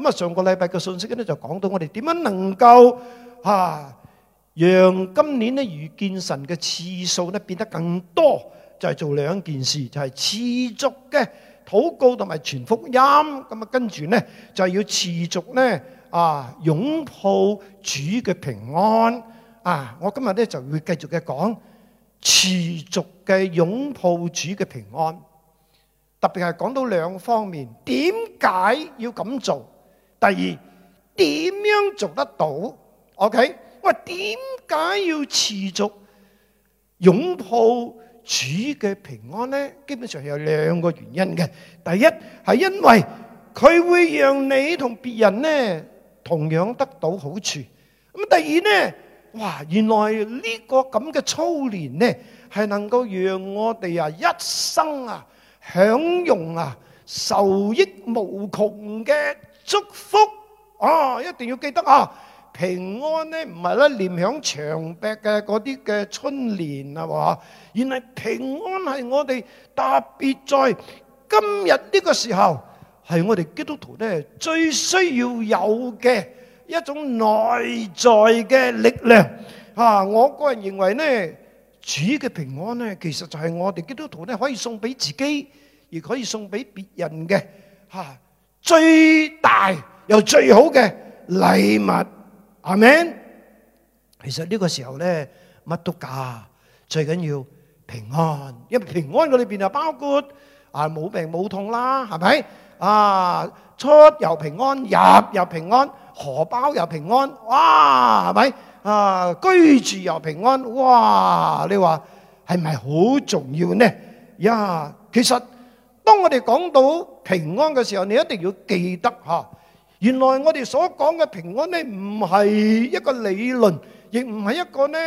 咁啊，上個禮拜嘅信息咧就講到我哋點樣能夠啊，讓今年咧遇見神嘅次數咧變得更多，就係、是、做兩件事，就係、是、持續嘅禱告同埋傳福音。咁、嗯、啊，跟住咧就係要持續咧啊，擁抱主嘅平安啊！我今日咧就會繼續嘅講，持續嘅擁抱主嘅平安，特別係講到兩方面，點解要咁做？第二點樣做得到？O.K. 我點解要持續擁抱主嘅平安呢？基本上有兩個原因嘅。第一係因為佢會讓你同別人咧同樣得到好處。咁第二呢，哇！原來呢個咁嘅操練呢，係能夠讓我哋啊一生啊享用啊受益無窮嘅。祝福啊！一定要記得啊！平安咧唔係咧念響長壁嘅嗰啲嘅春聯啊！原來平安係我哋特別在今日呢個時候係我哋基督徒咧最需要有嘅一種內在嘅力量啊！我個人認為呢，主嘅平安呢，其實就係我哋基督徒呢可以送俾自己，而可以送俾別人嘅嚇。啊最大又最好嘅禮物，阿 min。其實呢個時候呢，乜都假，最緊要平安。因為平安佢裏邊就包括啊冇病冇痛啦，係咪？啊出又平安，入又平安，荷包又平安，哇，係咪？啊居住又平安，哇！你話係咪好重要呢？呀，其實。當我哋講到平安嘅時候，你一定要記得吓。原來我哋所講嘅平安呢，唔係一個理論，亦唔係一個呢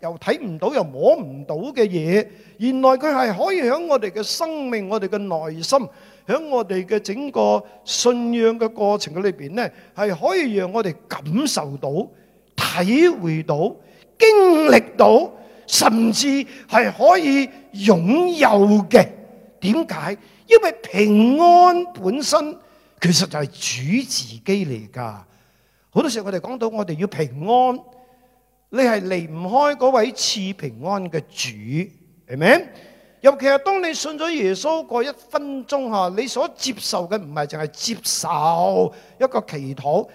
又睇唔到又摸唔到嘅嘢。原來佢係可以響我哋嘅生命、我哋嘅內心、響我哋嘅整個信仰嘅過程嘅裏邊呢，係可以讓我哋感受到、體會到、經歷到，甚至係可以擁有嘅。點解？因為平安本身其實就係主自己嚟噶。好多時候我哋講到我哋要平安，你係離唔開嗰位賜平安嘅主，係咪？尤其係當你信咗耶穌嗰一分鐘吓，你所接受嘅唔係淨係接受一個祈禱、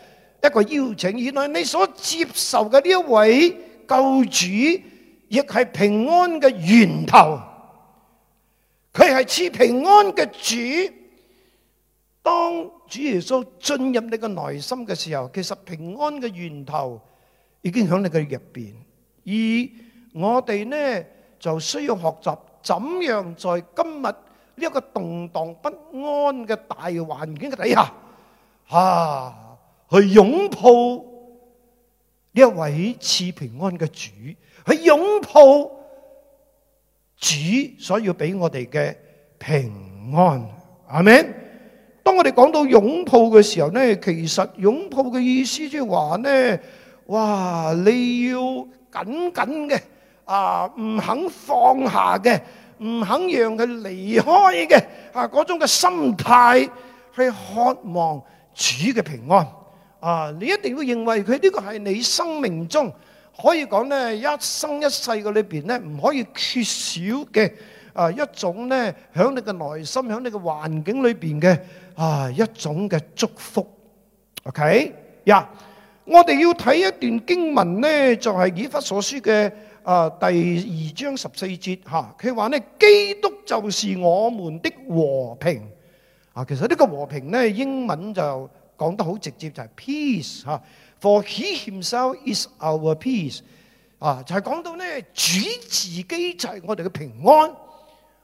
一個邀請，原來你所接受嘅呢一位救主亦係平安嘅源頭。佢係賜平安嘅主，當主耶穌進入你嘅內心嘅時候，其實平安嘅源頭已經喺你嘅入邊，而我哋呢就需要學習，怎樣在今日呢一個動盪不安嘅大環境嘅底下，啊，去擁抱呢一位賜平安嘅主，去擁抱。主所要俾我哋嘅平安，阿們。當我哋講到擁抱嘅時候呢，其實擁抱嘅意思即係話呢：「哇！你要緊緊嘅啊，唔肯放下嘅，唔肯讓佢離開嘅啊，嗰種嘅心態去渴望主嘅平安啊！你一定會認為佢呢個係你生命中。可以講咧，一生一世嘅裏邊咧，唔可以缺少嘅啊，一種咧，喺你嘅內心、喺你嘅環境裏邊嘅啊一種嘅祝福。OK，呀，yeah，我哋要睇一段經文呢，就係以弗所書嘅啊第二章十四節吓，佢話呢，基督就是我們的和平。啊，其實呢個和平呢，英文就講得好直接，就係、是、peace 吓。For he himself is our peace. 啊，就係講到呢，主自己就係我哋嘅平安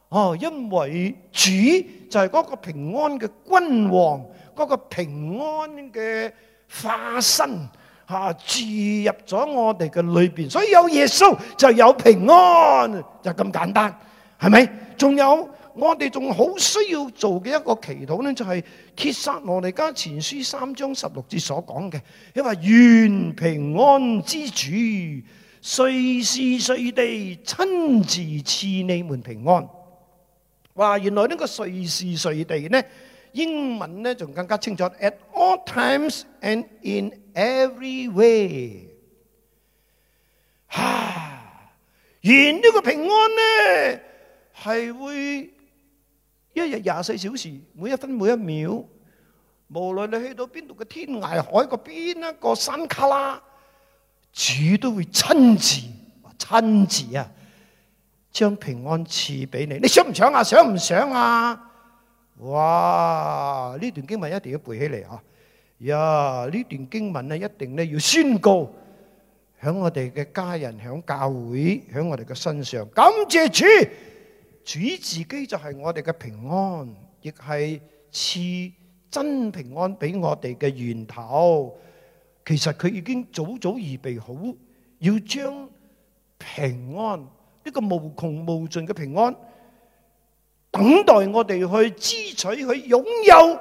哦，因為主就係嗰個平安嘅君王，嗰個平安嘅化身吓，住入咗我哋嘅裏邊，所以有耶穌就有平安，就咁簡單，係咪？仲有我哋仲好需要做嘅一個祈禱呢，就係帖撒羅尼迦前書三章十六節所講嘅，因為願平安之主隨時隨地親自賜你們平安。哇，原來呢個隨時隨地英文呢，仲更加清楚 at all times and in every way。啊原來呢個平安呢係會一日廿四小時，每一分每一秒，無論你去到邊度嘅天涯海角，邊一個山卡拉，主都會親自話親自啊，將平安賜俾你。你想唔想啊？想唔想啊？哇！呢段經文一定要背起嚟嚇呀！呢段經文呢一定呢要宣告響我哋嘅家人、響教會、響我哋嘅身上，感謝主。主自己就係我哋嘅平安，亦係賜真平安俾我哋嘅源頭。其實佢已經早早預備好，要將平安一個無窮無盡嘅平安，等待我哋去支取、去擁有、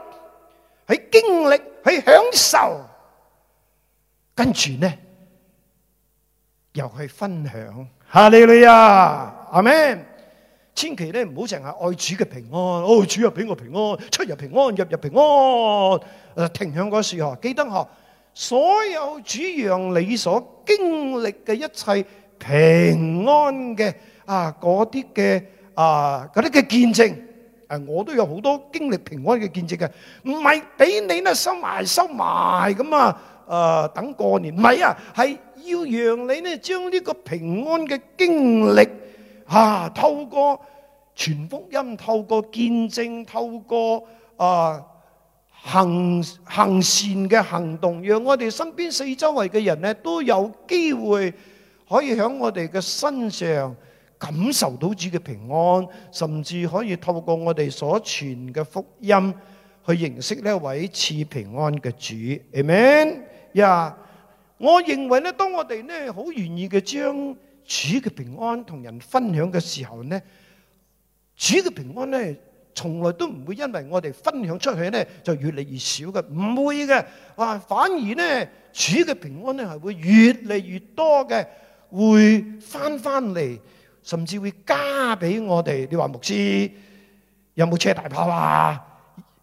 去經歷、去享受。跟住呢，又去分享。哈利路亞，阿門。千祈咧唔好淨係愛主嘅平安，愛主入俾我平安，出入平安，入入平安。誒停響嗰時，記得嗬所有主讓你所經歷嘅一切平安嘅嗰啲嘅啊嗰啲嘅見證，誒我都有好多經歷平安嘅見證嘅。唔係畀你咧收埋收埋噉呀，誒等過年，唔係呀，係要讓你咧將呢個平安嘅經歷。啊！透過傳福音，透過見證，透過啊行行善嘅行動，讓我哋身邊四周圍嘅人咧都有機會可以喺我哋嘅身上感受到主嘅平安，甚至可以透過我哋所傳嘅福音去認識呢一位賜平安嘅主。Amen 呀，我認為咧，當我哋咧好願意嘅將。主嘅平安同人分享嘅時候呢，主嘅平安呢，從來都唔會因為我哋分享出去呢就越嚟越少嘅，唔會嘅啊！反而呢，主嘅平安呢係會越嚟越多嘅，會返返嚟，甚至會加俾我哋。你話牧師有冇車大炮啊？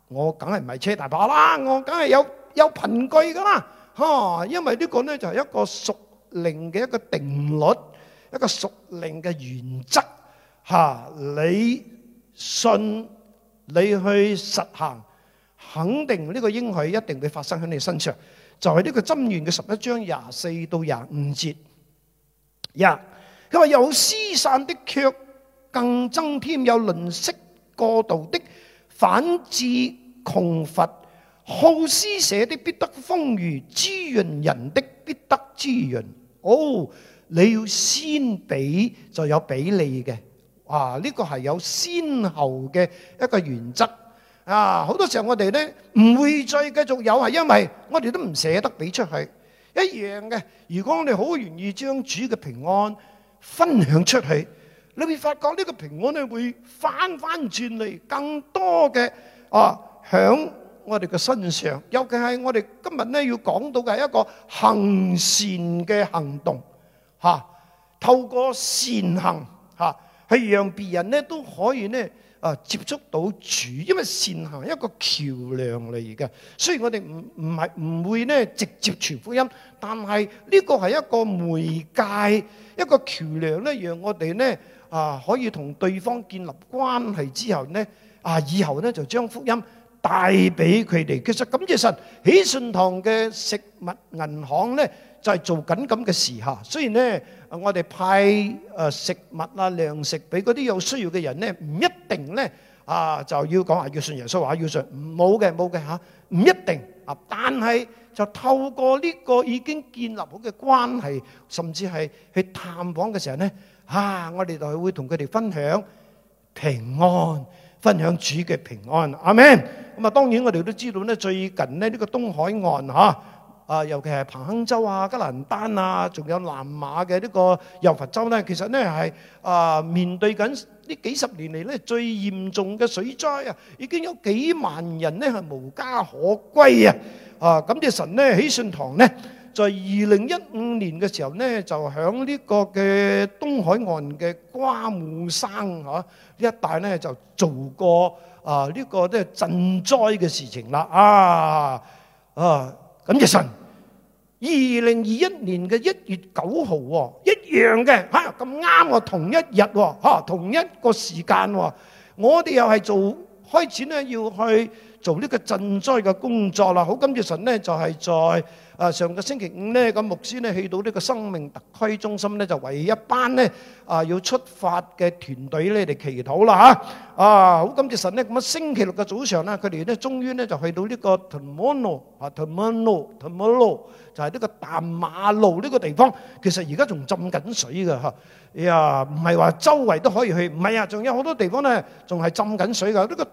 我梗係唔係車大炮啦，我梗係有有憑據噶啦，嚇！因為呢個呢，就係一個屬靈嘅一個定律。一個屬靈嘅原則嚇，你信你去實行，肯定呢個應許一定會發生喺你身上。就係、是、呢個《箴言》嘅十一章廿四到廿五節，一佢話有施散的卻，卻更增添有吝惜過度的，反致窮乏，好施捨的必得風雨，滋潤人的必得滋潤。哦、oh。你要先俾就有俾你嘅，啊，呢個係有先後嘅一個原則啊。好多時候我哋呢唔會再繼續有，係因為我哋都唔捨得俾出去一樣嘅。如果我哋好願意將主嘅平安分享出去，你會發覺呢個平安呢會翻返轉嚟更多嘅啊，響我哋嘅身上。尤其係我哋今日呢要講到嘅係一個行善嘅行動。嚇、啊！透過善行嚇，去、啊、讓別人咧都可以咧啊接觸到主，因為善行係一個橋梁嚟嘅。雖然我哋唔唔係唔會咧直接傳福音，但係呢個係一個媒介，一個橋梁咧，讓我哋咧啊可以同對,對方建立關係之後咧啊，以後咧就將福音帶俾佢哋。其實咁其實起信堂嘅食物銀行咧。就係做緊咁嘅事嚇，雖然咧，我哋派誒食物啊、糧食俾嗰啲有需要嘅人咧，唔一定咧啊，就要講話要信耶穌話要信，唔好嘅，冇嘅嚇，唔一定啊。但係就透過呢個已經建立好嘅關係，甚至係去探訪嘅時候咧，啊，我哋就係會同佢哋分享平安，分享主嘅平安，阿 Men。咁啊，當然我哋都知道咧，最近咧呢個東海岸嚇。啊，尤其係彭亨州啊、吉蘭丹啊，仲有南馬嘅呢個柔佛州呢，其實呢係啊面對緊呢幾十年嚟呢最嚴重嘅水災啊，已經有幾萬人呢係無家可歸啊！啊，咁、嗯、啲神呢，喜信堂呢，在二零一五年嘅時候呢，就響呢個嘅東海岸嘅瓜木山啊。呢一帶呢，就做過啊呢、這個都係賑災嘅事情啦！啊啊，咁、嗯、嘅、嗯、神。二零二一年嘅一月九號喎，一樣嘅嚇咁啱喎，同一日喎，嚇同一個時間喎，我哋又係做開始咧，要去做呢個賑災嘅工作啦。好，感謝神咧，就係在啊上個星期五咧，個牧師咧去到呢個生命特區中心咧，就為一班咧啊要出發嘅團隊咧嚟祈禱啦嚇。啊，好感謝神咧，咁啊星期六嘅早上咧，佢哋咧終於咧就去到呢個 Tomorrow 啊 Tomorrow，Tomorrow。就係呢個淡馬路呢個地方，其實而家仲浸緊水㗎吓。呀，唔係話周圍都可以去，唔係啊，仲有好多地方呢，仲係浸緊水㗎。呢個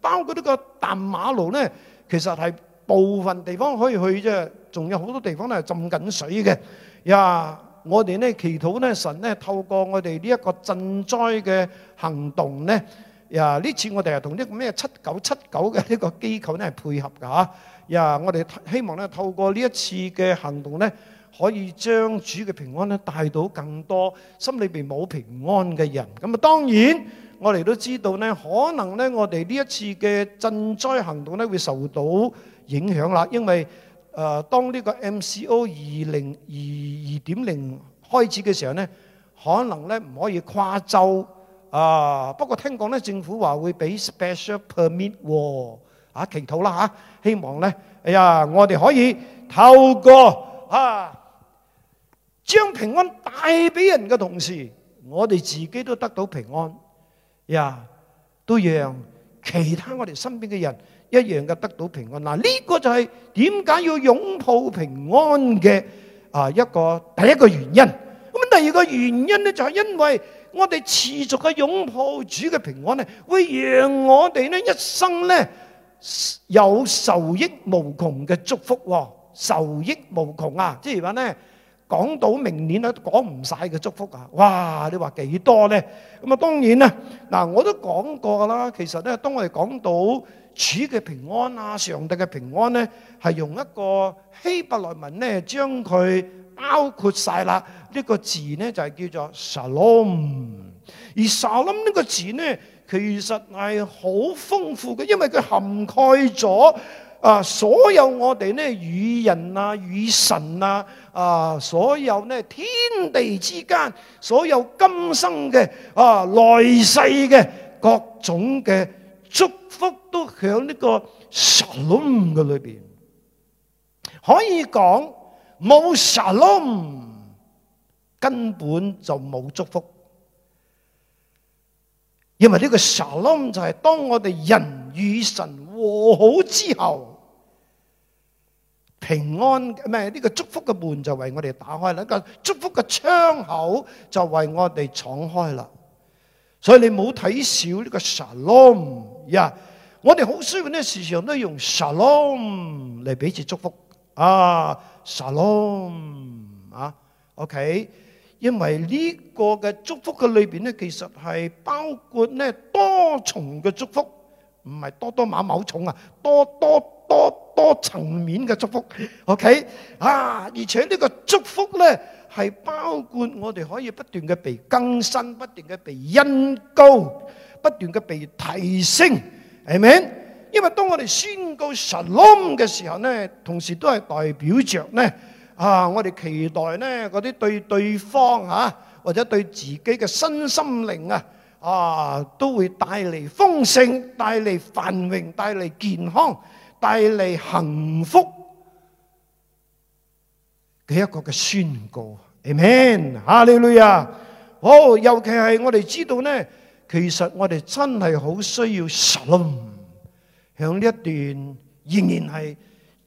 包括呢個淡馬路呢，其實係部分地方可以去啫，仲有好多地方呢係浸緊水嘅。呀，我哋呢祈禱呢，神呢透過我哋呢一個賑災嘅行動呢。呀！呢次我哋係同呢個咩七九七九嘅呢個機構呢係配合嘅嚇、啊。呀、yeah,！我哋 th- 希望呢，透過呢一次嘅行動呢，可以將主嘅平安呢帶到更多心裏邊冇平安嘅人。咁啊，當然我哋都知道呢，可能呢，我哋呢一次嘅賑災行動呢會受到影響啦，因為誒、呃、當呢個 MCO 二零二二點零開始嘅時候呢，可能呢唔可以跨州。啊！不過聽講咧，政府話會俾 special permit 喎，啊，祈禱啦嚇，希望咧，哎呀，我哋可以透過啊，將平安帶俾人嘅同時，我哋自己都得到平安，呀，都讓其他我哋身邊嘅人一樣嘅得到平安。嗱，呢個就係點解要擁抱平安嘅啊一個第一個原因。咁啊，第二個原因咧就係因為。我哋持續嘅擁抱主嘅平安咧，會讓我哋咧一生咧有受益無窮嘅祝福，受益無窮啊！即係話咧，講到明年咧都講唔晒嘅祝福啊！哇！你話幾多咧？咁啊，當然啦。嗱，我都講過啦，其實咧，當我哋講到主嘅平安啊，上帝嘅平安咧，係用一個希伯來文咧將佢。包括晒啦，呢、這個字呢就係叫做 shalom 而 shalom 呢個字呢其實係好豐富嘅，因為佢涵蓋咗啊所有我哋呢與人啊與神啊啊所有呢天地之間，所有今生嘅啊來世嘅各種嘅祝福都響呢個 shalom 嘅裏邊，可以講。冇沙龍，根本就冇祝福。因為呢個沙龍就係當我哋人與神和好之後，平安唔呢、呢個祝福嘅門就為我哋打開啦，個祝福嘅窗口就為我哋敞開啦。所以你冇睇少呢個沙龍呀！Yeah, 我哋好需要呢，時常都用沙龍嚟俾住祝福啊！Shalom 啊，OK，因為呢個嘅祝福嘅裏邊咧，其實係包括咧多重嘅祝福，唔係多多某某重啊，多多多多層面嘅祝福，OK 啊，而且呢個祝福咧係包括我哋可以不斷嘅被更新，不斷嘅被恩膏，不斷嘅被提升，係咪？因為當我哋宣告 shalom 嘅時候咧，同時都係代表着咧啊，我哋期待咧嗰啲對對方啊，或者對自己嘅身心靈啊啊，都會帶嚟豐盛、帶嚟繁榮、帶嚟健康、帶嚟幸福嘅一個嘅宣告。Amen 啊，哈利路亞啊，好，尤其係我哋知道咧，其實我哋真係好需要 shalom。喺呢一段仍然係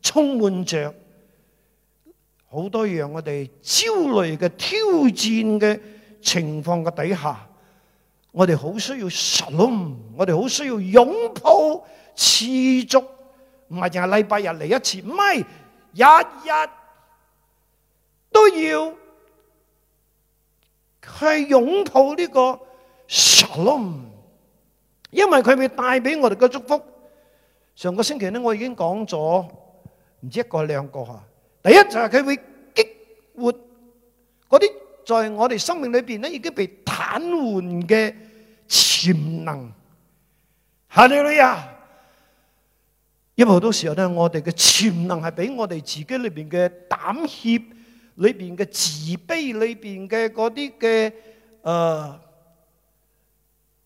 充滿着好多讓我哋焦慮嘅挑戰嘅情況嘅底下，我哋好需要 salon，我哋好需要擁抱持續，唔係淨係禮拜日嚟一次，唔係，日日都要去擁抱呢個 salon，因為佢會帶俾我哋嘅祝福。上個星期咧，我已經講咗唔知一個兩個嚇。第一就係佢會激活嗰啲在我哋生命裏邊咧已經被癱瘓嘅潛能。哈利路亞！因為好多時候咧，我哋嘅潛能係畀我哋自己裏邊嘅膽怯裏面的裏面的的、裏邊嘅自卑、裏邊嘅嗰啲嘅誒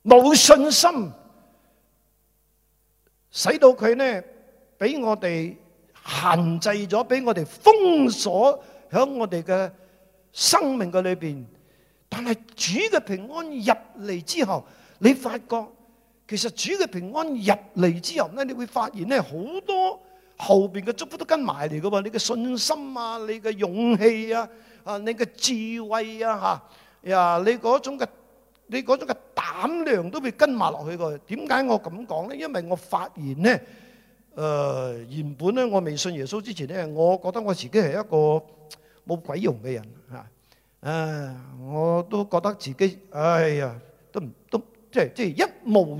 冇信心。使到佢咧，俾我哋限制咗，俾我哋封鎖響我哋嘅生命嘅裏邊，但係主嘅平安入嚟之後，你發覺其實主嘅平安入嚟之後咧，你會發現咧，好多後邊嘅祝福都跟埋嚟嘅噃，你嘅信心啊，你嘅勇氣啊，啊你嘅智慧啊吓，呀，你嗰種嘅。你嗰種嘅膽量都會跟埋落去嘅。點解我咁講咧？因為我發現咧，誒原本咧我未信耶穌之前咧，我覺得我自己係一個冇鬼用嘅人嚇。誒我都覺得自己哎呀，都唔都即係即係一無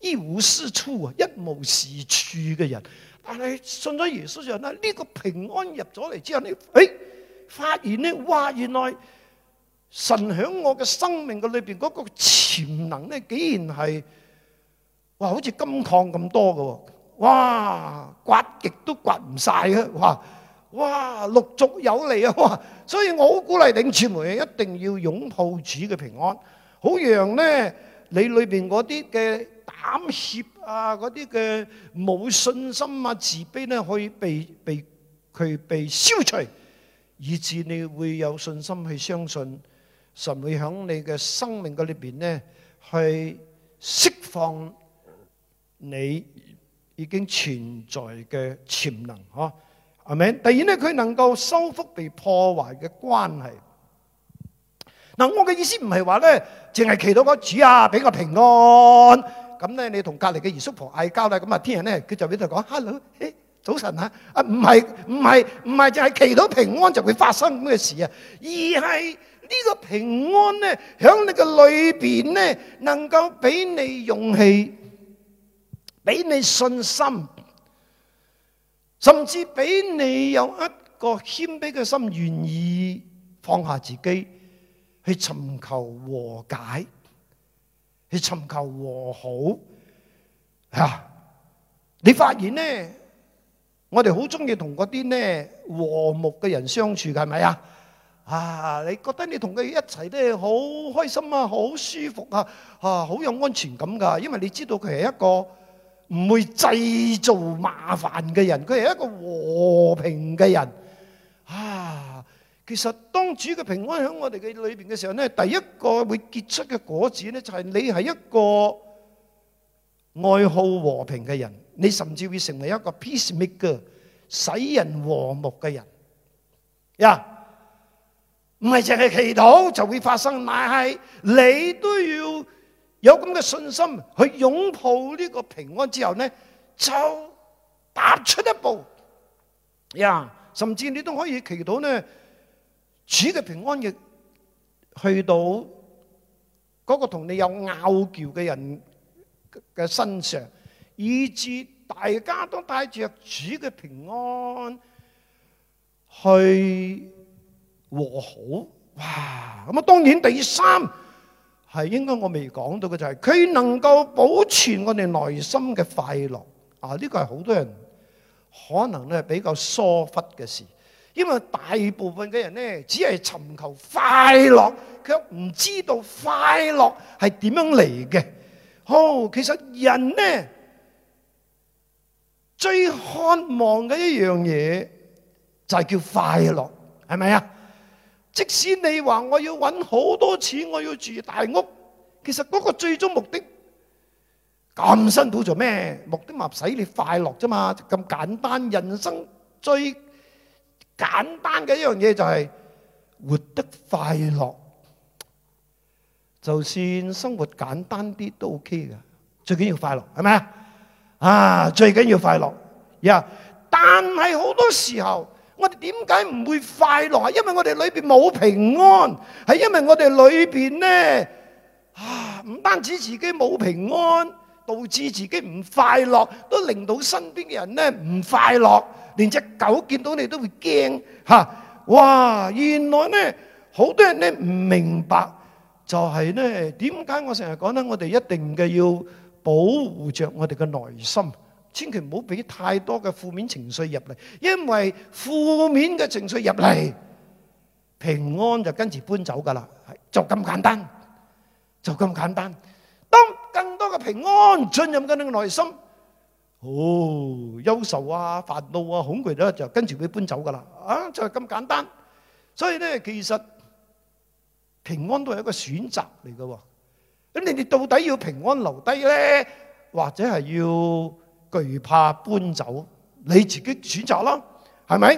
一無是處啊，一無是處嘅人。但係信咗耶穌之後咧，呢個平安入咗嚟之後咧，哎發現咧，哇原來～神喺我嘅生命嘅裏邊嗰個潛能咧，竟然係哇，好似金礦咁多嘅，哇，刮極都刮唔晒。啊！哇，哇，陸續有嚟啊！所以我好鼓勵領傳媒一定要擁抱主嘅平安，好讓呢你裏邊嗰啲嘅膽怯啊，嗰啲嘅冇信心啊、自卑呢，可以被被佢被消除，以至你會有信心去相信。神會響你嘅生命嘅裏邊咧，去釋放你已經存在嘅潛能，嗬、啊，係咪？第二咧，佢能夠修復被破壞嘅關係。嗱、啊，我嘅意思唔係話咧，淨係祈禱個主啊俾個平安，咁、嗯、咧你同隔離嘅二叔婆嗌交啦，咁啊天日咧佢就喺度講，哈囉，誒，早晨啊，啊唔係唔係唔係，淨係祈禱平安就會發生咁嘅事啊，而係。呢個平安呢，喺你嘅裏邊呢，能夠俾你勇氣，俾你信心，甚至俾你有一個謙卑嘅心，願意放下自己去尋求和解，去尋求和好。吓、啊，你發現呢？我哋好中意同嗰啲呢和睦嘅人相處嘅，係咪啊？啊！你覺得你同佢一齊都係好開心啊，好舒服啊，嚇、啊、好有安全感㗎。因為你知道佢係一個唔會製造麻煩嘅人，佢係一個和平嘅人啊。其實當主嘅平安喺我哋嘅裏邊嘅時候呢，第一個會結出嘅果子呢，就係、是、你係一個愛好和平嘅人，你甚至會成為一個 peace maker，使人和睦嘅人，呀、yeah.！唔係淨係祈禱就會發生，但係你都要有咁嘅信心去擁抱呢個平安之後咧，就踏出一步呀！甚至你都可以祈禱咧，主嘅平安亦去到嗰個同你有拗撬嘅人嘅身上，以至大家都帶着主嘅平安去。和好，哇！咁啊，當然第三係應該我未講到嘅就係佢能夠保存我哋內心嘅快樂啊！呢個係好多人可能咧比較疏忽嘅事，因為大部分嘅人咧只係尋求快樂，卻唔知道快樂係點樣嚟嘅。哦，其實人咧最渴望嘅一樣嘢就係叫快樂，係咪啊？即使你話我要揾好多錢，我要住大屋，其實嗰個最終目的，咁辛苦做咩？目的咪使你快樂咋嘛？咁簡單，人生最簡單嘅一樣嘢就係、是、活得快樂。就算生活簡單啲都 OK 噶，最緊要快樂係咪啊？啊，最緊要快樂呀！Yeah. 但係好多時候。我哋點解唔會快樂？因為我哋裏邊冇平安，係因為我哋裏邊呢啊，唔單止自己冇平安，導致自己唔快樂，都令到身邊嘅人呢唔快樂，連隻狗見到你都會驚嚇。哇！原來呢，好多人呢唔明白，就係呢點解我成日講呢，我哋一定嘅要保護著我哋嘅內心。千祈唔好俾太多嘅負面情緒入嚟，因為負面嘅情緒入嚟，平安就跟住搬走噶啦，就咁簡單，就咁簡單。當更多嘅平安進入緊你嘅內心，哦，憂愁啊、煩惱啊、恐懼咧，就跟住俾搬走噶啦，啊，就係咁簡單。所以咧，其實平安都係一個選擇嚟嘅。咁你哋到底要平安留低咧，或者係要，懼怕搬走，你自己選擇啦，係咪？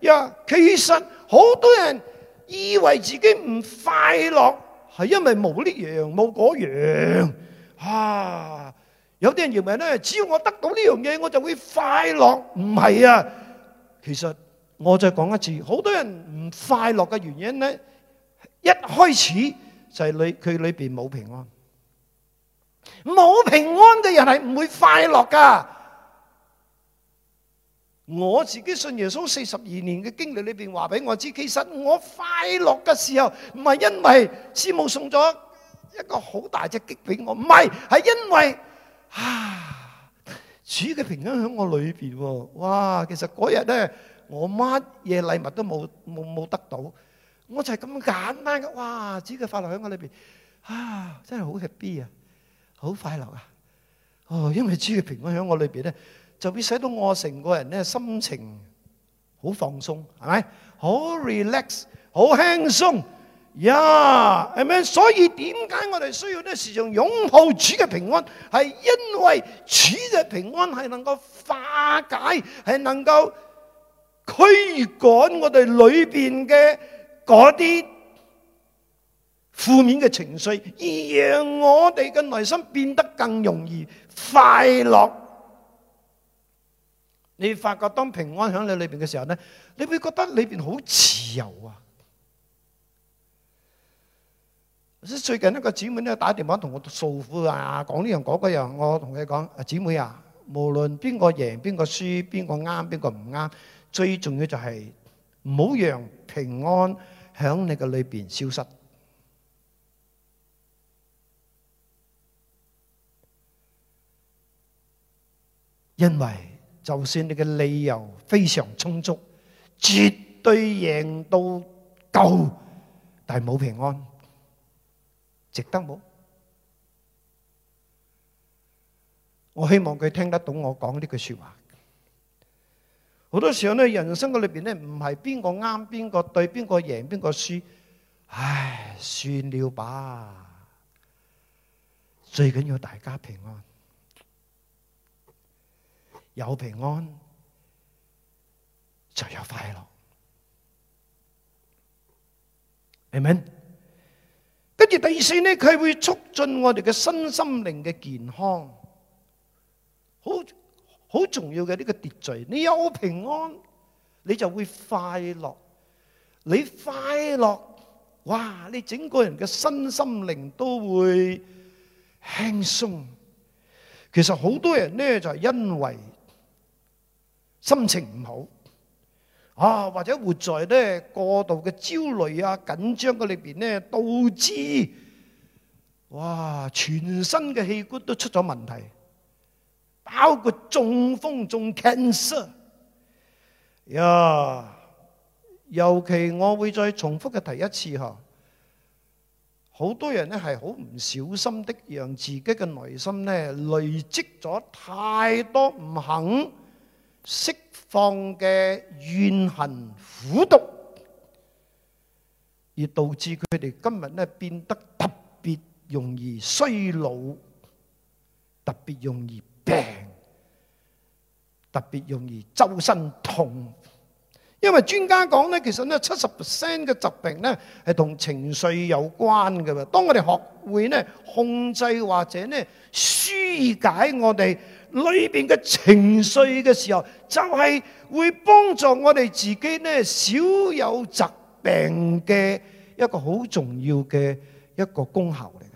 呀，yeah，其實好多人以為自己唔快樂，係因為冇呢樣冇嗰樣啊。有啲人認為呢，只要我得到呢樣嘢，我就會快樂。唔係啊，其實我再講一次，好多人唔快樂嘅原因呢，一開始就係你佢裏邊冇平安。冇平安嘅人係唔會快樂噶。我自己信耶穌四十二年嘅經歷裏邊話俾我知，其實我快樂嘅時候唔係因為師母送咗一個好大隻極俾我，唔係，係因為啊主嘅平安響我裏邊。哇！其實嗰日咧我乜嘢禮物都冇冇冇得到，我就係咁簡單嘅。哇！主嘅快樂響我裏邊，啊，真係好 happy 啊！好快樂啊！哦，因為主嘅平安喺我裏邊咧，就會使到我成個人咧心情好放鬆，係咪？好 relax，好輕鬆，呀，係咪？所以點解我哋需要呢時常擁抱主嘅平安？係因為主嘅平安係能夠化解，係能夠驅趕我哋裏邊嘅嗰啲負面嘅情緒，而讓我哋嘅內心變得更容易快樂。你發覺當平安喺你裏邊嘅時候咧，你會覺得裏邊好自由啊！最近一個姊妹咧打電話同我訴苦啊，講呢樣講嗰樣。我同佢講：啊，姊妹啊，無論邊個贏邊個輸，邊個啱邊個唔啱，最重要就係唔好讓平安喺你嘅裏邊消失。因為就算你嘅理由非常充足，絕對贏到夠，但係冇平安，值得冇？我希望佢聽得到我講呢句說話。好多時候呢，人生嘅裏邊呢，唔係邊個啱邊個對邊個贏邊個輸，唉，算了吧，最緊要大家平安。有平安就有快樂，明唔明？跟住第四呢，佢會促進我哋嘅身心靈嘅健康，好好重要嘅呢個秩序。你有平安，你就會快樂。你快樂，哇！你整個人嘅身心靈都會輕鬆。其實好多人呢，就係因為。心情唔好啊，或者活在呢過度的焦慮啊、緊張嘅裏邊呢，導致哇全身嘅器官都出咗問題，包括中風、中 cancer 呀。尤其我會再重複嘅提一次嚇，好多人呢係好唔小心的讓自己嘅內心呢累積咗太多唔肯釋放嘅怨恨苦毒，而導致佢哋今日咧變得特別容易衰老，特別容易病，特別容易周身痛。因為專家講咧，其實咧七十 percent 嘅疾病咧係同情緒有關嘅。當我哋學會咧控制或者咧紓解我哋裏邊嘅情緒嘅時候，就係會幫助我哋自己呢少有疾病嘅一個好重要嘅一個功效嚟嘅。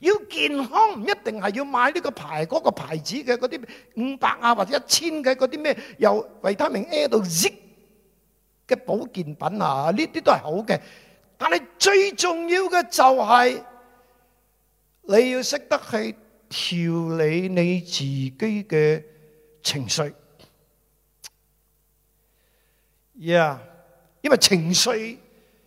要健康唔一定係要買呢個牌嗰個牌子嘅嗰啲五百啊或者一千嘅嗰啲咩由維他命 A 到 Z 嘅保健品啊，呢啲都係好嘅。但係最重要嘅就係你要識得去。調理你自己嘅情緒，呀，因為情緒，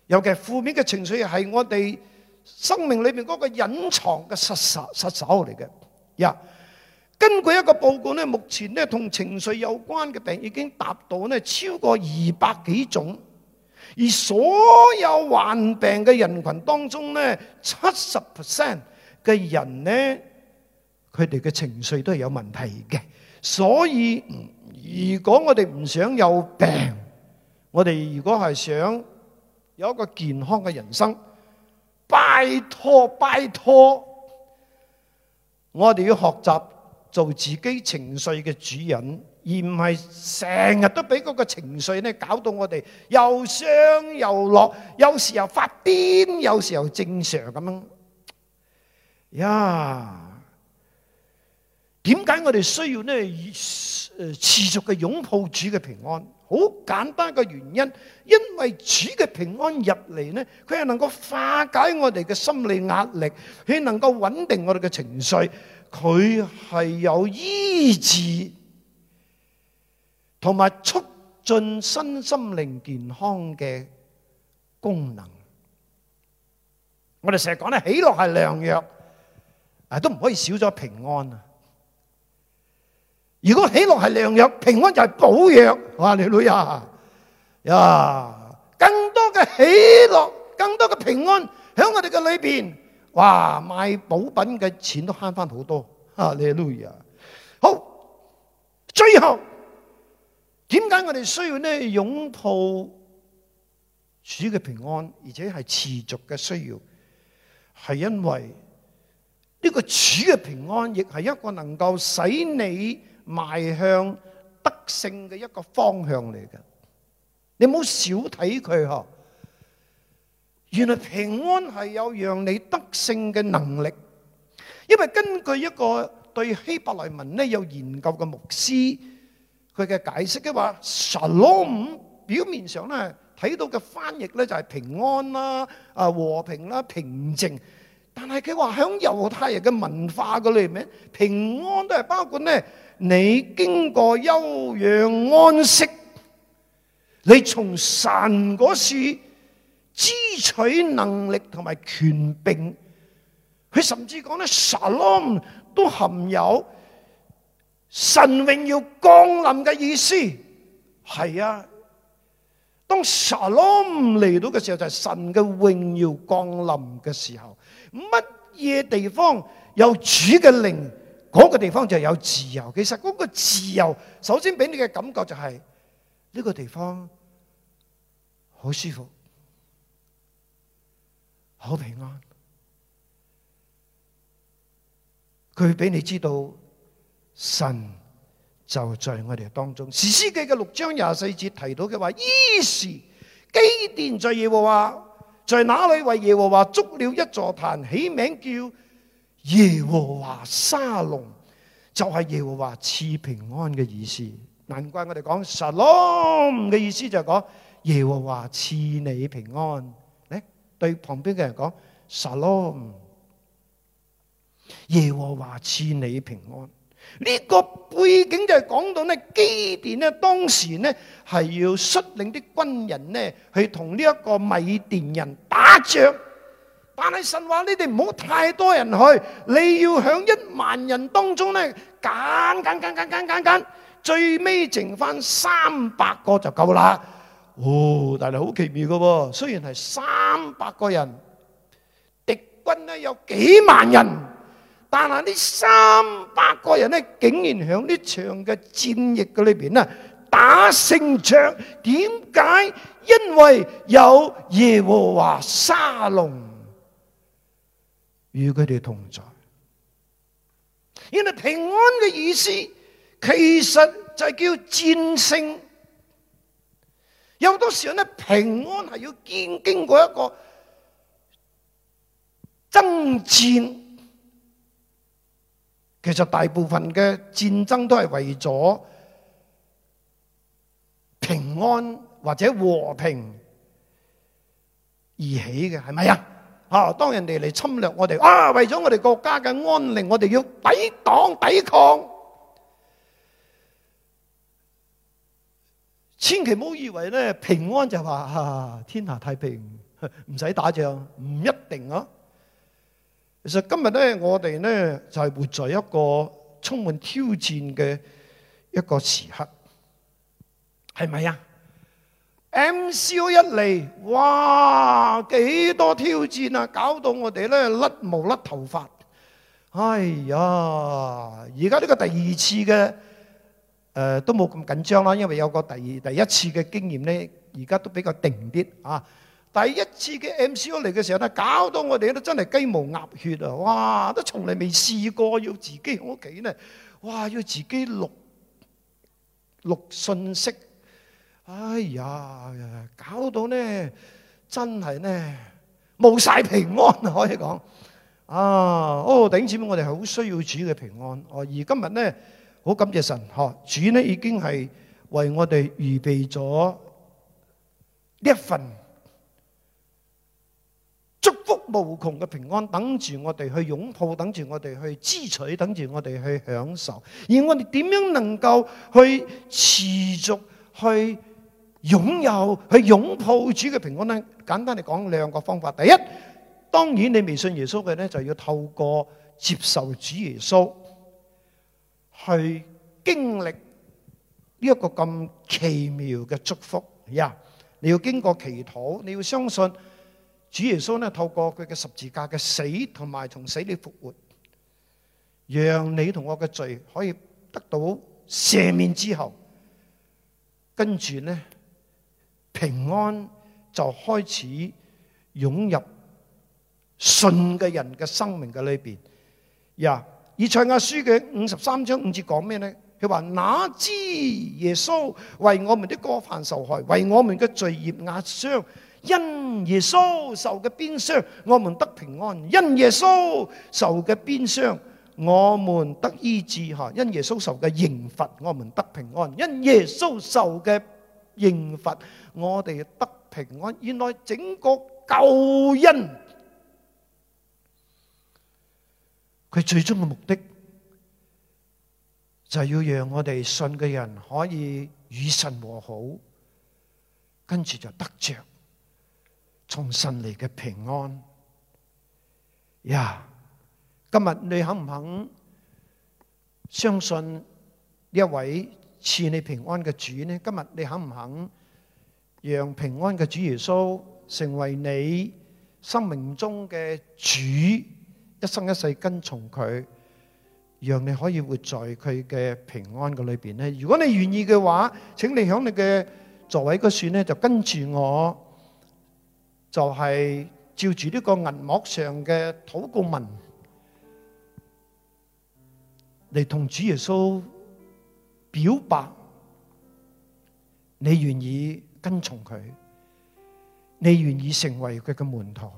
尤其係負面嘅情緒係我哋生命裏面嗰個隱藏嘅殺手殺手嚟嘅。呀，根據一個報告咧，目前咧同情緒有關嘅病已經達到咧超過二百幾種，而所有患病嘅人群當中咧，七十 percent 嘅人咧，佢哋嘅情緒都係有問題嘅，所以如果我哋唔想有病，我哋如果係想有一個健康嘅人生，拜託拜託，我哋要學習做自己情緒嘅主人，而唔係成日都俾嗰個情緒咧搞到我哋又傷又落，有時候發癲，有時候正常咁樣呀。Yeah. 點解我哋需要呢？持續嘅擁抱主嘅平安，好簡單嘅原因，因為主嘅平安入嚟呢，佢係能夠化解我哋嘅心理壓力，佢能夠穩定我哋嘅情緒，佢係有醫治同埋促進身心靈健康嘅功能。我哋成日講咧，喜樂係良藥，都唔可以少咗平安啊！如果喜樂係良藥，平安就係補藥。哇，你女啊呀，更多嘅喜樂，更多嘅平安，喺我哋嘅裏邊。哇，買補品嘅錢都慳翻好多。啊，你女啊，好，最後，點解我哋需要呢，擁抱主嘅平安，而且係持續嘅需要？係因為呢個主嘅平安，亦係一個能夠使你。邁向得勝嘅一個方向嚟嘅，你唔好少睇佢呵。原來平安係有讓你得勝嘅能力，因為根據一個對希伯來文咧有研究嘅牧師，佢嘅解釋咧話，沙羅姆表面上咧睇到嘅翻譯咧就係平安啦、啊和平啦、平靜，但係佢話喺猶太人嘅文化嘅裏面，平安都係包括咧。你經過休養安息，你從神嗰處，支取能力同埋權柄。佢甚至講咧，撒羅姆都含有神榮耀降臨嘅意思。係啊，當撒羅姆嚟到嘅時候，就係、是、神嘅榮耀降臨嘅時候。乜嘢地方有主嘅靈，嗰個地方就有自由，其實嗰個自由，首先俾你嘅感覺就係呢個地方好舒服、好平安。佢俾你知道神就在我哋當中。士師記嘅六章廿四節提到嘅話，於是基甸在耶和華，在哪裏為耶和華築了一座壇，起名叫。耶和華沙龍就係耶和華賜平安嘅意思，難怪我哋講沙龍嘅意思就係講耶和華賜你平安。嚟對旁邊嘅人講沙龍，耶和華賜你平安。呢個背景就係講到呢，基甸呢，當時呢係要率領啲軍人呢去同呢一個米甸人打仗。但係神話，你哋唔好太多人去。你要喺一萬人當中咧，揀揀揀揀揀揀揀，最尾剩返三百個就夠啦。哦，但係好奇妙嘅喎，雖然係三百個人，敵軍咧有幾萬人，但係呢三百個人咧，竟然喺呢場嘅戰役嘅裏邊咧打勝仗。點解？因為有耶和華沙龍。與佢哋同在。原來平安嘅意思，其實就係叫戰勝。有好多時候呢，平安係要經經過一個爭戰。其實大部分嘅戰爭都係為咗平安或者和平而起嘅，係咪啊？吓！當人哋嚟侵略我哋，啊！為咗我哋國家嘅安寧，我哋要抵擋抵抗。千祈唔好以為咧平安就話吓天下太平，唔使打仗，唔一定啊。其實今日咧，我哋咧就係活在一個充滿挑戰嘅一個時刻，係咪啊？MCO 一嚟，哇！幾多挑戰啊，搞到我哋咧甩毛甩頭髮。哎呀！而家呢個第二次嘅誒、呃、都冇咁緊張啦，因為有個第二第一次嘅經驗咧，而家都比較定啲啊。第一次嘅 MCO 嚟嘅時候咧，搞到我哋呢真係雞毛鴨血啊！哇！都從嚟未試過要自己喺屋企咧，哇！要自己錄錄信息。哎呀，搞到呢真係呢冇晒平安可以講啊！哦，頂住我哋好需要主嘅平安哦。而今日呢，好感謝神嗬、哦，主呢已經係為我哋預備咗一份祝福無窮嘅平安，等住我哋去擁抱，等住我哋去支取，等住我哋去享受。而我哋點樣能夠去持續去？擁有去擁抱主嘅平安呢？簡單嚟講，兩個方法。第一，當然你未信耶穌嘅呢，就要透過接受主耶穌，去經歷呢一個咁奇妙嘅祝福呀！你要經過祈禱，你要相信主耶穌呢，透過佢嘅十字架嘅死同埋從死裏復活，讓你同我嘅罪可以得到赦免之後，跟住呢。平安就開始湧入信嘅人嘅生命嘅裏邊。呀，以賽亞書嘅五十三章五節講咩呢？佢話哪知耶穌為我們的過犯受害，為我們嘅罪孽壓傷。因耶穌受嘅鞭傷，我們得平安；因耶穌受嘅鞭傷，我們得醫治。吓，因耶穌受嘅刑罰，我們得平安；因耶穌受嘅。應罰我哋得平安，原來整個救恩佢最終嘅目的，就係要讓我哋信嘅人可以與神和好，跟住就得着從神嚟嘅平安。呀，今日你肯唔肯相信呢一位？賜你平安嘅主呢？今日你肯唔肯讓平安嘅主耶穌成為你生命中嘅主，一生一世跟從佢，讓你可以活在佢嘅平安嘅裏邊呢？如果你願意嘅話，請你響你嘅座位嗰陣呢，就跟住我，就係照住呢個銀幕上嘅禱告文嚟同主耶穌。表白，你願意跟從佢，你願意成為佢嘅門徒。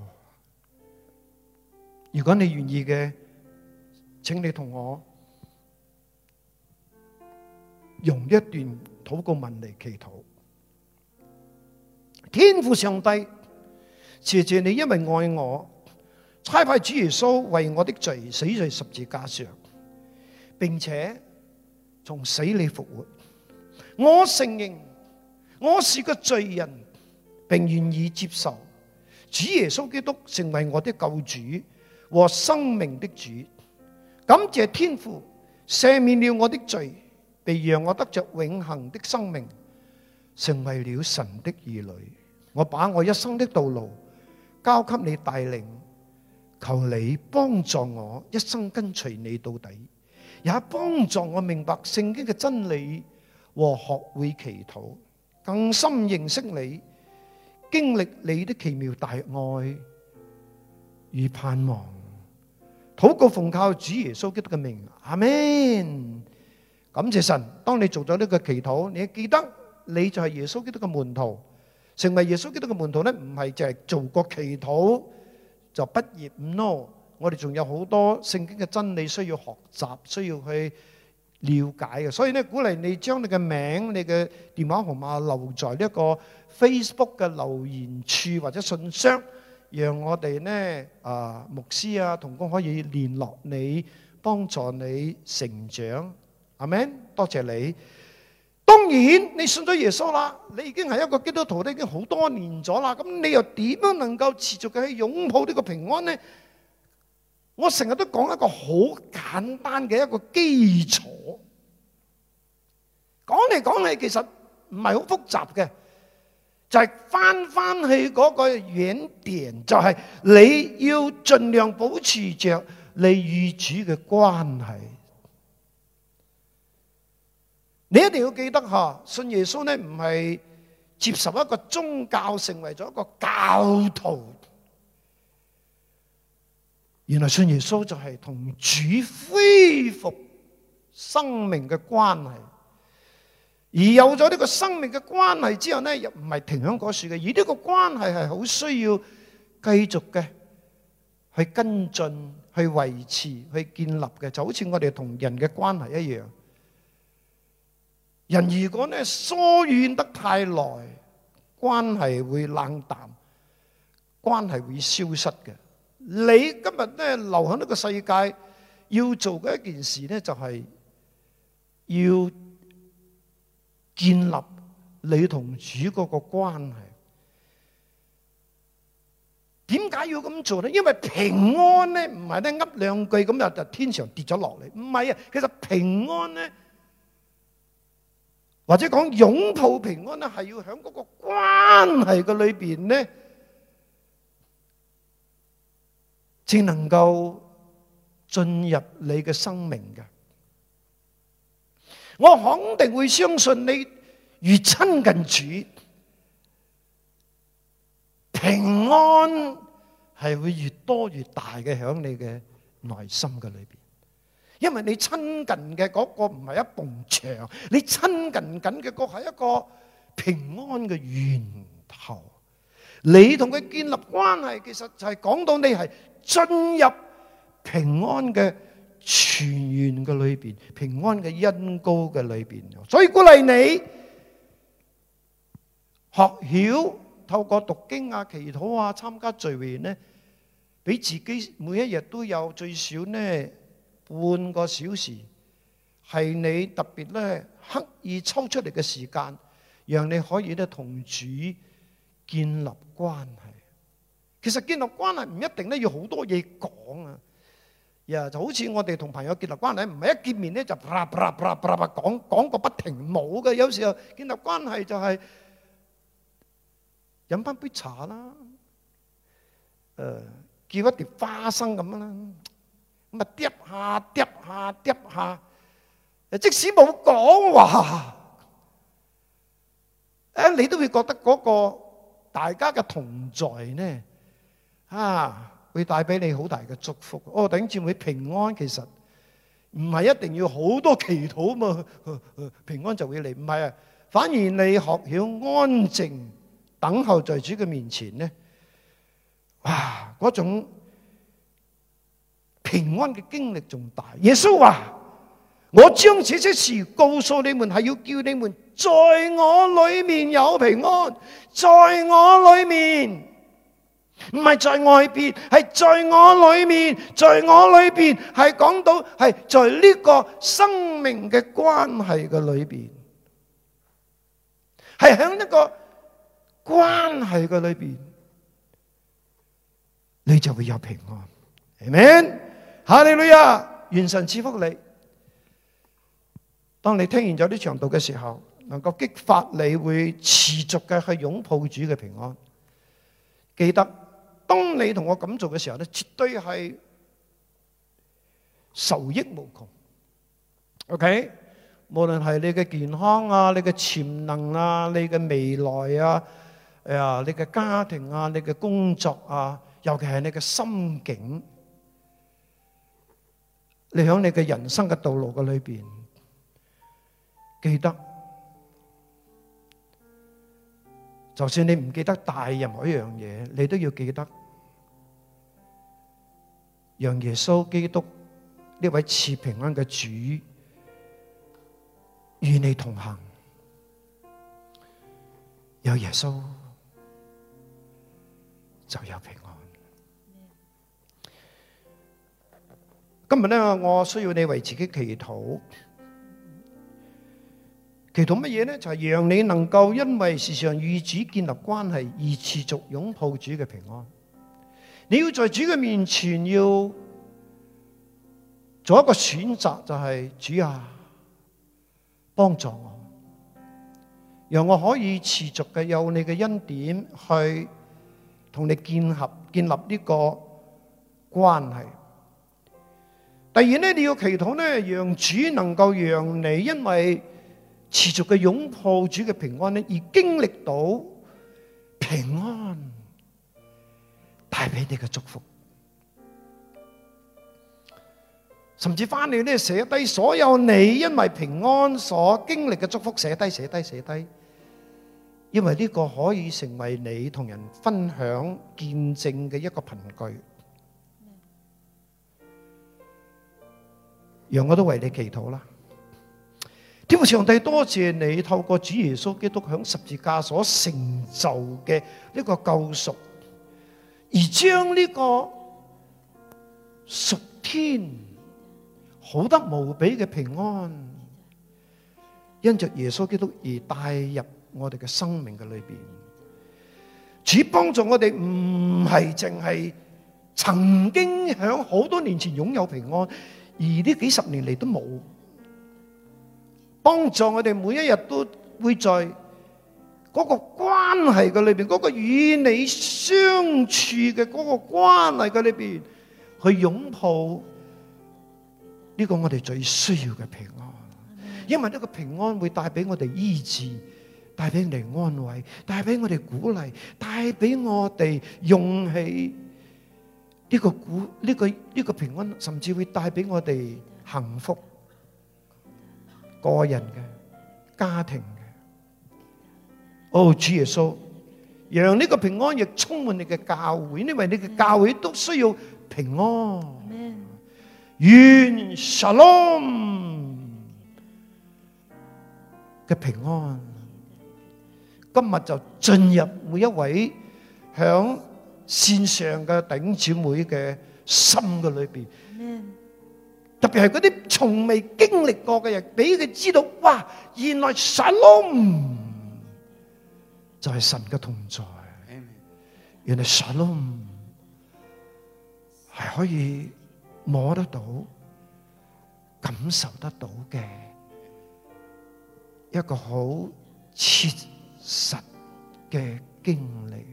如果你願意嘅，請你同我用一段禱告文嚟祈禱。天父上帝，謝謝你因為愛我，差派主耶穌為我的罪死在十字架上，並且。從死裏復活，我承認我是個罪人，並願意接受主耶穌基督成為我的救主和生命的主。感謝天父赦免了我的罪，被讓我得着永恆的生命，成為了神的兒女。我把我一生的道路交給你帶領，求你幫助我一生跟隨你到底。也幫助我明白聖經嘅真理和學會祈禱，更深認識你，經歷你的奇妙大愛與盼望，禱告奉靠主耶穌基督嘅名，阿門。感謝神，當你做咗呢個祈禱，你記得你就係耶穌基督嘅門徒。成為耶穌基督嘅門徒呢，唔係就係做個祈禱就畢業 No。我哋仲有好多聖經嘅真理需要學習，需要去了解嘅。所以呢鼓勵你將你嘅名、你嘅電話號碼留在呢一個 Facebook 嘅留言處或者信箱，讓我哋呢啊牧師啊同工可以聯絡你，幫助你成長，阿 men，多謝你。當然你信咗耶穌啦，你已經係一個基督徒，你已經好多年咗啦。咁你又點樣能夠持續嘅去擁抱呢個平安呢？我成日都講一個好簡單嘅一個基礎，講嚟講去其實唔係好複雜嘅，就係翻翻去嗰個原點，就係你要盡量保持着你與主嘅關係。你一定要記得吓，信耶穌呢唔係接受一個宗教，成為咗一個教徒。原來信耶穌就係同主恢復生命嘅關係，而有咗呢個生命嘅關係之後咧，又唔係停響嗰度嘅，而呢個關係係好需要繼續嘅去跟進、去維持、去建立嘅，就好似我哋同人嘅關係一樣。人如果咧疏遠得太耐，關係會冷淡，關係會消失嘅。你今日咧留喺呢個世界要做嘅一件事咧，就係要建立你同主嗰個關係。點解要咁做咧？因為平安咧，唔係咧噏兩句咁就就天上跌咗落嚟。唔係啊，其實平安咧，或者講擁抱平安咧，係要喺嗰個關係嘅裏邊咧。先能夠進入你嘅生命嘅。我肯定會相信你越親近主，平安係會越多越大嘅，響你嘅內心嘅裏邊，因為你親近嘅嗰個唔係一埲牆，你親近緊嘅個係一個平安嘅源頭，你同佢建立關係，其實就係講到你係進入平安嘅全員嘅裏面，平安嘅恩膏嘅裏面。所以鼓勵你學曉透過讀經啊、祈禱啊、參加聚會呢，俾自己每一日都有最少呢半個小時，係你特別咧刻意抽出嚟嘅時間，讓你可以咧同主建立關係。其實建立關係唔一定咧，要好多嘢講啊。呀，就好似我哋同朋友建立關係，唔係一見面咧就啪啪啪啪啪講講個不停冇嘅。有時候建立關係就係飲翻杯茶啦，誒，叫一碟花生咁樣啦，咁啊，碟下碟下碟下。即使冇講話，誒，你都會覺得嗰個大家嘅同在呢。啊！會帶俾你好大嘅祝福哦！頂住會平安，其實唔係一定要好多祈禱嘛，平安就會嚟。唔係啊，反而你學曉安靜等候在主嘅面前呢，啊！嗰種平安嘅經歷仲大。耶穌話：我將這些事告訴你們，係要叫你們在我裡面有平安，在我裡面。唔係在外邊，係在我裡面，在我裡邊係講到係在呢個生命嘅關係嘅裡邊，係喺一個關係嘅裡邊，你就會有平安，明唔明？哈利路亞啊，願神賜福你。當你聽完咗呢場道嘅時候，能夠激發你會持續嘅去擁抱主嘅平安，記得。當你同我咁做嘅時候咧，絕對係受益無窮。OK，無論係你嘅健康啊、你嘅潛能啊、你嘅未來啊、誒啊、你嘅家庭啊、你嘅工作啊，尤其係你嘅心境，你喺你嘅人生嘅道路嘅裏邊，記得，就算你唔記得大任何一樣嘢，你都要記得。讓耶穌基督呢位賜平安嘅主與你同行，有耶穌就有平安。今日呢，我需要你為自己祈禱，祈禱乜嘢呢？就係讓你能夠因為時常與主建立關係而持續擁抱主嘅平安。你要在主嘅面前要做一個選擇，就係、是、主啊，幫助我，讓我可以持續嘅有你嘅恩典去同你建合、建立呢個關係。第二咧，你要祈禱咧，讓主能夠讓你因為持續嘅擁抱主嘅平安咧，而經歷到平安。帶俾你嘅祝福，甚至翻嚟呢寫低所有你因為平安所經歷嘅祝福，寫低寫低寫低，因為呢個可以成為你同人分享見證嘅一個憑據。讓我都為你祈禱啦！天父上帝，多謝你透過主耶穌基督響十字架所成就嘅呢個救贖。而將呢個屬天好得無比嘅平安，因着耶穌基督而帶入我哋嘅生命嘅裏邊，只幫助我哋唔係淨係曾經響好多年前擁有平安，而呢幾十年嚟，都冇幫助我哋，每一日都會在。嗰個關係嘅裏邊，嗰個與你相處嘅嗰個關係嘅裏邊，去擁抱呢個我哋最需要嘅平安，因為呢個平安會帶俾我哋醫治，帶俾我哋安慰，帶俾我哋鼓勵，帶俾我哋勇氣。呢個鼓呢個呢個平安，甚至會帶俾我哋幸福，個人嘅家庭的。哦，主耶穌，讓呢個平安亦充滿你嘅教會，因為你嘅教會都需要平安。願 Shalom 嘅平安，今日就進入每一位響線上嘅弟兄姊妹嘅心嘅裏邊，特別係嗰啲從未經歷過嘅人，俾佢知道，嘩，原來 Shalom。就係、是、神嘅同在，Amen。原來神都係可以摸得到、感受得到嘅一個好切實嘅經歷。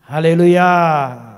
哈利路亞。